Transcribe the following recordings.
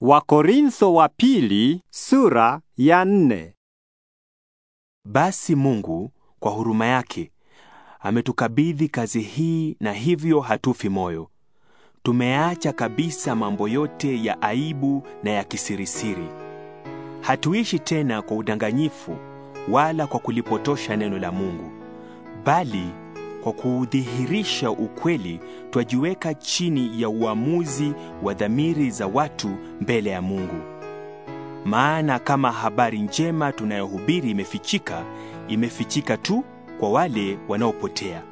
Wakorintho wa pili sura ya nne. Basi Mungu kwa huruma yake ametukabidhi kazi hii na hivyo hatufi moyo. Tumeacha kabisa mambo yote ya aibu na ya kisirisiri. Hatuishi tena kwa udanganyifu wala kwa kulipotosha neno la Mungu. Bali kwa kuudhihirisha ukweli, twajiweka chini ya uamuzi wa dhamiri za watu mbele ya Mungu. Maana kama habari njema tunayohubiri imefichika, imefichika tu kwa wale wanaopotea.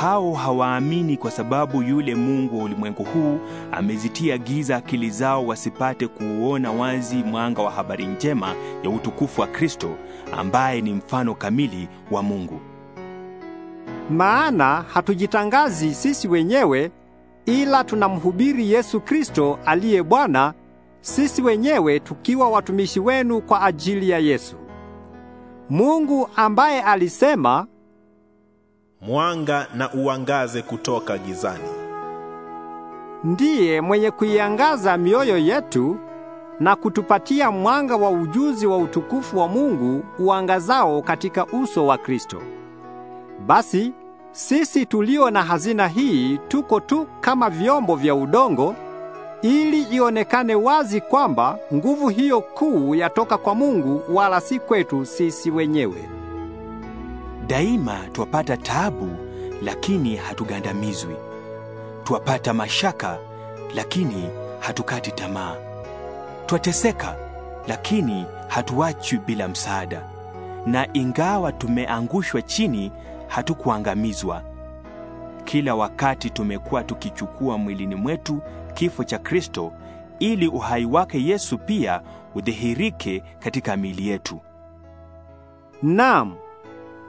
Hao hawaamini kwa sababu yule mungu wa ulimwengu huu amezitia giza akili zao wasipate kuuona wazi mwanga wa habari njema ya utukufu wa Kristo ambaye ni mfano kamili wa Mungu maana hatujitangazi sisi wenyewe, ila tunamhubiri Yesu Kristo aliye Bwana, sisi wenyewe tukiwa watumishi wenu kwa ajili ya Yesu. Mungu ambaye alisema, mwanga na uangaze kutoka gizani, ndiye mwenye kuiangaza mioyo yetu na kutupatia mwanga wa ujuzi wa utukufu wa Mungu uangazao katika uso wa Kristo. Basi sisi tulio na hazina hii tuko tu kama vyombo vya udongo ili ionekane wazi kwamba nguvu hiyo kuu yatoka kwa Mungu wala si kwetu sisi wenyewe. Daima twapata taabu, lakini hatugandamizwi. Twapata mashaka, lakini hatukati tamaa. Twateseka, lakini hatuachwi bila msaada. Na ingawa tumeangushwa chini, hatukuangamizwa. Kila wakati tumekuwa tukichukua mwilini mwetu kifo cha Kristo ili uhai wake Yesu pia udhihirike katika miili yetu. Naam,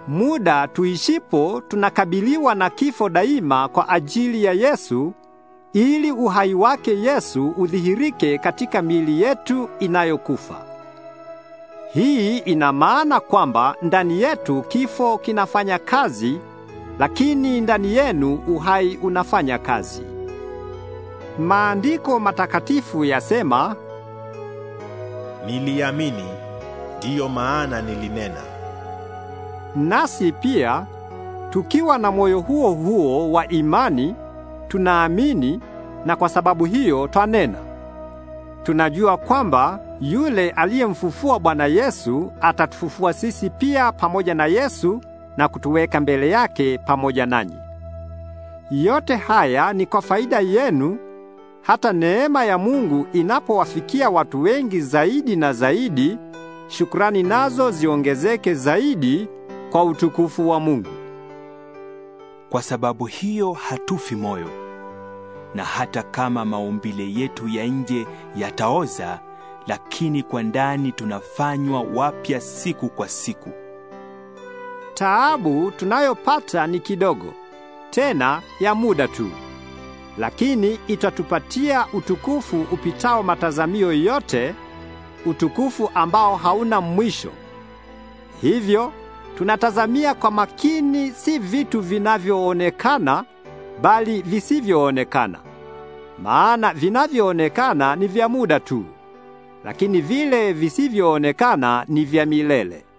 muda tuishipo tunakabiliwa na kifo daima kwa ajili ya Yesu ili uhai wake Yesu udhihirike katika miili yetu inayokufa. Hii ina maana kwamba ndani yetu kifo kinafanya kazi, lakini ndani yenu uhai unafanya kazi. Maandiko matakatifu yasema, niliamini, ndiyo maana nilinena. Nasi pia tukiwa na moyo huo huo wa imani tunaamini, na kwa sababu hiyo twanena. Tunajua kwamba yule aliyemfufua Bwana Yesu atatufufua sisi pia pamoja na Yesu na kutuweka mbele yake pamoja nanyi. Yote haya ni kwa faida yenu, hata neema ya Mungu inapowafikia watu wengi zaidi na zaidi, shukrani nazo ziongezeke zaidi kwa utukufu wa Mungu. Kwa sababu hiyo hatufi moyo. Na hata kama maumbile yetu ya nje yataoza, lakini kwa ndani tunafanywa wapya siku kwa siku. Taabu tunayopata ni kidogo, tena ya muda tu, lakini itatupatia utukufu upitao matazamio yote, utukufu ambao hauna mwisho. Hivyo tunatazamia kwa makini, si vitu vinavyoonekana, bali visivyoonekana, maana vinavyoonekana ni vya muda tu lakini vile visivyoonekana ni vya milele.